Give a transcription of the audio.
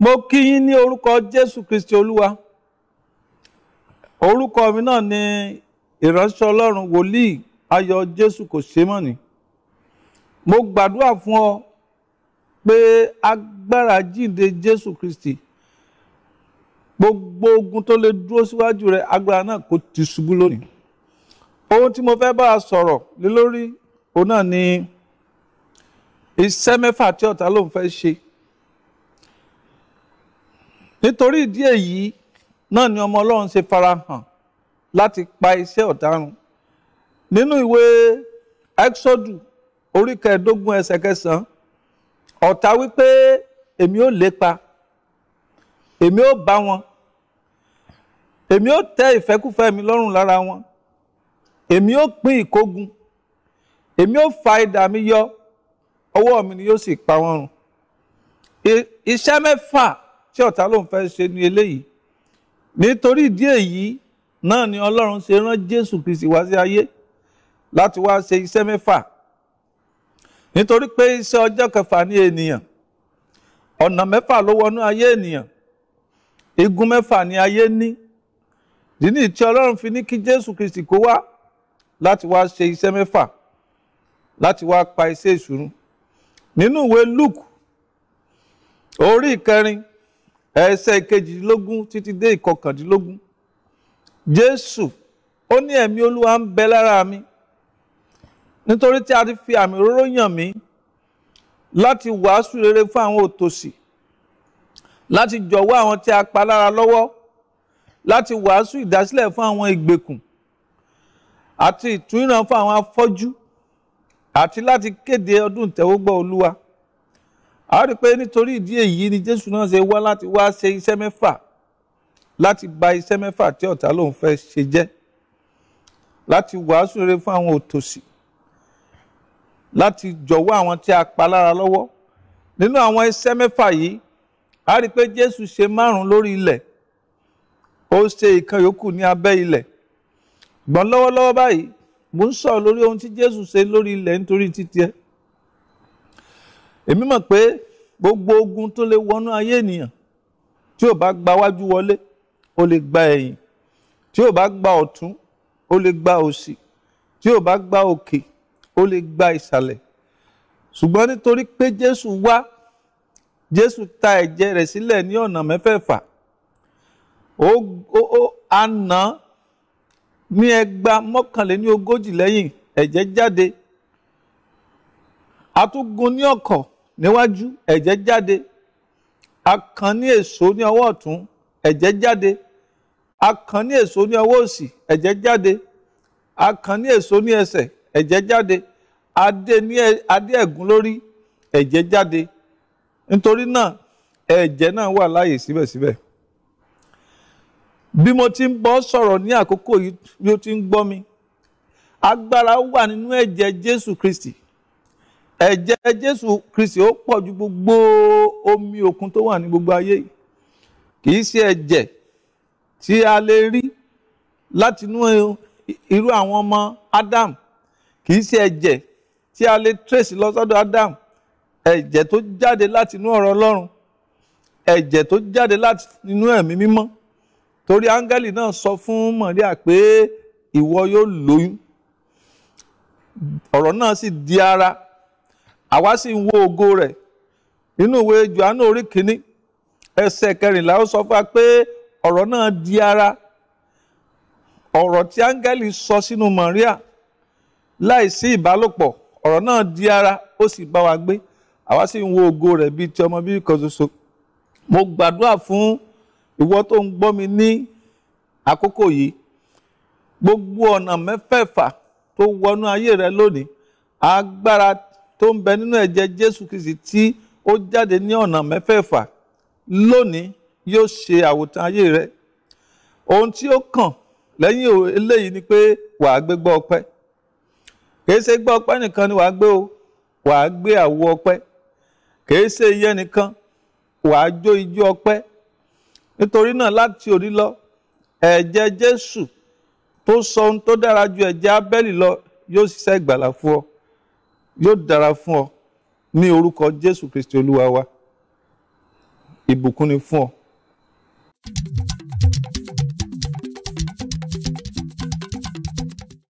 mo kí yín ní orúkọ jésù kristi olúwa orúkọ mi náà ni ìránṣẹ́ ọlọ́run wòlíì ayọ̀ jésù kò ṣe mọ́ ni mo gbàdúrà fún ọ pé agbára jíǹde jésù kristi gbogbo ogun tó lè dúró síwájú rẹ agbára náà kò ti ṣubú lónìí ohun tí mo fẹ́ bá a sọ̀rọ̀ lé lórí òun náà ni iṣẹ́ mẹ́fà tí ọ̀tá ló fẹ́ ṣe nítorí ìdí èyí náà ni ọmọ ọlọ́run ṣe farahàn láti pa iṣẹ́ ọ̀daràn nínú ìwé exodus orí kẹẹ̀ẹ́dógún ẹsẹ̀ kẹsàn-án ọ̀tá wípé èmi ò lépa èmi ò bá wọn èmi ò tẹ́ ìfẹ́kúfẹ́ mi lọ́rùn lára wọn èmi ò pín ìkógun èmi ò fa idà mi yọ ọwọ́ mi ni yóò sì pa wọ́n run iṣẹ́ mẹ́fà tí ọ̀tá ló ń fẹ́ ṣe ní eléyìí nítorí ìdí èyí náà ni ọlọ́run ṣe rán jésù kristi wá sí ayé láti wá ṣe iṣẹ́ mẹ́fà nítorí pé iṣẹ́ ọjọ́ kẹfà ní ènìyàn ọ̀nà mẹ́fà ló wọnú ayé ènìyàn igun mẹ́fà ni ayé ní dínì tí ọlọ́run fi ní kí jésù kristi kó wá láti wá ṣe iṣẹ́ mẹ́fà láti wá pa iṣẹ́ ẹsẹ̀ kejìdínlógún títí dé ìkọkàndínlógún jésù ó ní ẹ̀mí olúwa ń bẹ lára mi nítorí tí a ti fi àmì òróró yàn mí láti wàásù rere fún àwọn òtòṣì láti jọ̀wọ́ àwọn tí a pa lára lọ́wọ́ láti wàásù ìdásílẹ̀ fún àwọn ìgbèkùn àti ìtúnyìnà fún àwọn afọ́jú àti láti kéde ọdún ìtẹ́wọ́gbà olúwa a rí i pé nítorí ìdí èyí ni jésù náà ṣe wá láti wá ṣe iṣẹ́ mẹ́fà láti bà iṣẹ́ mẹ́fà tí ọ̀tá lòun fẹ́ ṣe jẹ́ láti wàásù rere fún àwọn òtòṣì láti jọ̀wọ́ àwọn tí a pa lára lọ́wọ́ nínú àwọn iṣẹ́ mẹ́fà yìí a rí i pé jésù ṣe márùn lórí ilẹ̀ ó ṣe ìkan yòókù ní abẹ́ ilẹ̀ gbọ́n lọ́wọ́lọ́wọ́ báyìí mò ń sọ̀rọ̀ lórí ohun tí jésù ṣe lórí ilẹ̀ nítorí títí ẹ̀ èmi mọ̀ pé gbogbo ogun tó lè wọnú ayé ènìyàn tí ò bá gba wájú wọlé ó lè gba ẹ̀yìn tí ò bá gba ọ̀tún ó lè gba òsì tí ò bá gba òkè ó lè gba ìsàlẹ̀ ṣùgbọ́n nítorí pé Jésù wá Jésù ta ẹ̀jẹ̀ rẹ̀ sílẹ̀ ní ọ̀nà mẹ́fẹ̀ẹ̀fà ó ó àná ní ẹgba mọ́kànléní ogójì lẹ́yìn ẹ̀jẹ̀ jáde a ní ọ̀kọ̀ níwájú ẹ̀jẹ̀ jáde a kàn ní èso ní ọwọ́ ọ̀tún ẹ̀jẹ̀ jáde a kàn ní èso ní ọwọ́ òsì ẹ̀jẹ̀ jáde a kàn ní èso ní ẹsẹ̀ ẹ̀jẹ̀ jáde adé ní adé ẹ̀gún lórí ẹ̀jẹ̀ jáde nítorí náà ẹ̀jẹ̀ náà wà láàyè síbẹ̀síbẹ̀ bí mo ti ń bọ́ sọ̀rọ̀ ní àkókò yìí bí ó ti ń gbọ́ mi agbára wà nínú ẹ̀jẹ̀ Jésù Kristi ẹ̀jẹ̀ jésù kristi ó pọ̀ ju gbogbo omi òkun tó wà ní gbogbo ayé yìí kì í ṣe ẹ̀jẹ̀ tí a lè rí látinú irú àwọn ọmọ Adam kì í ṣe ẹ̀jẹ̀ tí a lè trace lọ sọ́dọ̀ Adam ẹ̀jẹ̀ tó jáde látinú ọ̀rọ̀ Ọlọ́run ẹ̀jẹ̀ tó jáde látinú ẹ̀mí mímọ́ torí áńgẹ́lì náà sọ fún Màríà pé ìwọ yóò lóyún ọ̀rọ̀ náà sì di ara àwa sì ń wo ògo rẹ̀ nínú ìwé Jòhánù orí kìíní ẹsẹ̀ kẹrìnlá ó sọ fún wa pé ọ̀rọ̀ náà di ara ọ̀rọ̀ tí áńgẹ́lì sọ sínú Màríà láìsí ìbálòpọ̀ ọ̀rọ̀ náà di ara ó sì bá wa gbé àwa sì ń wo ògo rẹ̀ bíi ti ọmọ bíbí kan ṣoṣo mo gbàdúrà fún ìwọ tó ń gbọ́ mi ní àkókò yìí gbogbo ọ̀nà mẹ́fẹ̀ẹ̀fà tó wọnú ayé rẹ lónìí agbára tó ń bẹ nínú ẹ̀jẹ̀ Jésù Kristi tí ó jáde ní ọ̀nà mẹ́fẹ̀ẹ̀fà lónìí yóò ṣe àwòtán ayé rẹ ohun tí ó kàn lẹ́yìn eléyìí ni pé wàá gbé gbọ́ ọpẹ́ kìí ṣe gbọ́ ọpẹ́ nìkan ni wàá gbé o wàá gbé àwo ọpẹ́ kìí ṣe iyẹ nìkan wàá jó ijó ọpẹ́ nítorí náà láti òní lọ ẹ̀jẹ̀ Jésù tó sọ ohun tó dára ju ẹ̀jẹ̀ Ábẹ́lì lọ yóò ṣiṣẹ́ ìgbàlà fún ọ yóò dára fún ọ ní orúkọ Jésù Kristi olúwa wa ìbùkún ni fún ọ.